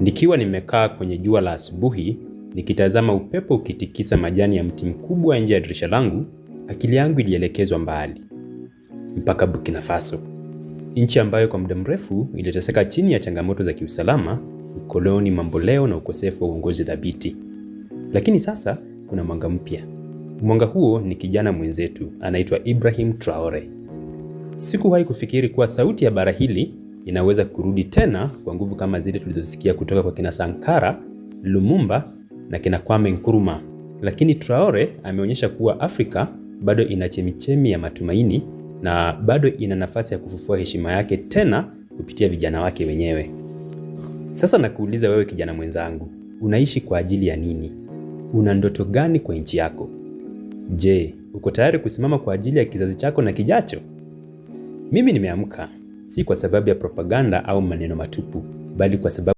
Nikiwa nimekaa kwenye jua la asubuhi nikitazama upepo ukitikisa majani ya mti mkubwa nje ya dirisha langu, akili yangu ilielekezwa mbali mpaka Burkina Faso, nchi ambayo kwa muda mrefu iliteseka chini ya changamoto za kiusalama, ukoloni mamboleo na ukosefu wa uongozi thabiti. Lakini sasa kuna mwanga mpya. Mwanga huo ni kijana mwenzetu anaitwa Ibrahim Traore. Sikuwahi kufikiri kuwa sauti ya bara hili inaweza kurudi tena kwa nguvu kama zile tulizosikia kutoka kwa kina Sankara, Lumumba na kina Kwame Nkrumah. Lakini Traore ameonyesha kuwa Afrika bado ina chemichemi ya matumaini na bado ina nafasi ya kufufua heshima yake tena kupitia vijana wake wenyewe. Sasa nakuuliza wewe kijana mwenzangu, unaishi kwa ajili ya nini? Una ndoto gani kwa nchi yako? Je, uko tayari kusimama kwa ajili ya kizazi chako na kijacho? Mimi nimeamka si kwa sababu ya propaganda au maneno matupu, bali kwa sababu